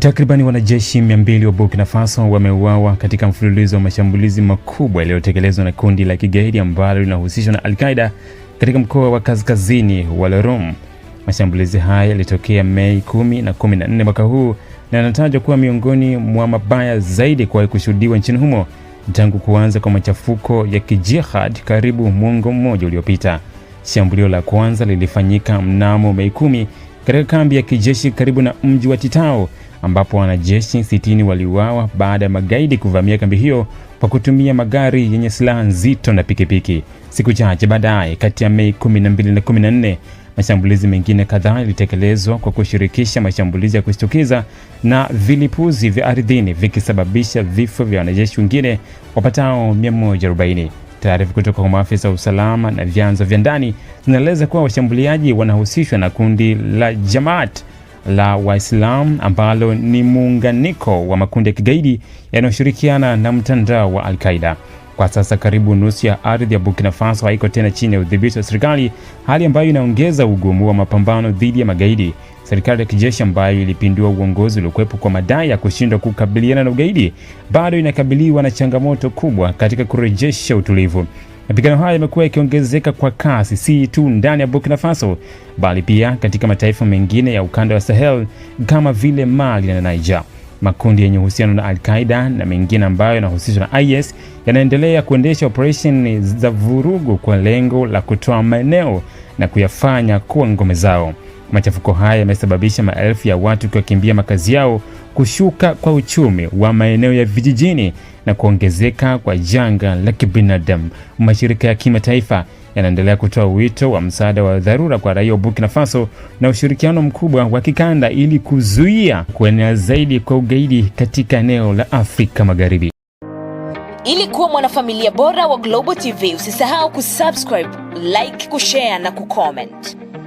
Takribani wanajeshi 200 wa Burkina Faso wameuawa katika mfululizo wa mashambulizi makubwa yaliyotekelezwa na kundi la kigaidi ambalo linahusishwa na Al-Qaeda katika mkoa wa kaskazini wa Lorom. Mashambulizi haya yalitokea Mei 10 na 14 mwaka huu na yanatajwa kuwa miongoni mwa mabaya zaidi kuwahi kushuhudiwa nchini humo tangu kuanza kwa machafuko ya kijihad karibu mwongo mmoja uliopita. Shambulio la kwanza lilifanyika mnamo Mei katika kambi ya kijeshi karibu na mji wa Titao ambapo wanajeshi sitini waliuawa baada ya magaidi kuvamia kambi hiyo kwa kutumia magari yenye silaha nzito na pikipiki. Siku chache baadaye, kati ya Mei 12 na 14, mashambulizi mengine kadhaa yalitekelezwa kwa kushirikisha mashambulizi ya kushtukiza na vilipuzi vya ardhini vikisababisha vifo vya wanajeshi wengine wapatao 140. Taarifa kutoka kwa maafisa wa usalama na vyanzo vya ndani zinaeleza kuwa washambuliaji wanahusishwa na kundi la Jamaat la Waislamu ambalo ni muunganiko wa makundi ya kigaidi yanayoshirikiana na mtandao wa al Kwa sasa karibu nusu ya ardhi ya Burkina Faso haiko tena chini ya udhibiti wa serikali, hali ambayo inaongeza ugumu wa mapambano dhidi ya magaidi serikali ya kijeshi ambayo ilipindua uongozi uliokuwepo kwa madai ya kushindwa kukabiliana na ugaidi bado inakabiliwa na changamoto kubwa katika kurejesha utulivu. Mapigano haya yamekuwa yakiongezeka kwa kasi, si tu ndani ya Burkina Faso bali pia katika mataifa mengine ya ukanda wa Sahel kama vile Mali na Niger. Makundi yenye uhusiano na Al-Qaeda na mengine ambayo yanahusishwa na IS yanaendelea kuendesha operesheni za vurugu kwa lengo la kutoa maeneo na kuyafanya kuwa ngome zao. Machafuko haya yamesababisha maelfu ya watu kuwakimbia makazi yao, kushuka kwa uchumi wa maeneo ya vijijini na kuongezeka kwa janga la kibinadamu. Mashirika ya kimataifa yanaendelea kutoa wito wa msaada wa dharura kwa raia wa Burkina Faso na ushirikiano mkubwa wa kikanda ili kuzuia kuenea zaidi kwa ugaidi katika eneo la Afrika Magharibi. Ili kuwa mwanafamilia bora wa Global TV, usisahau kusubscribe, like, kushare na kucomment.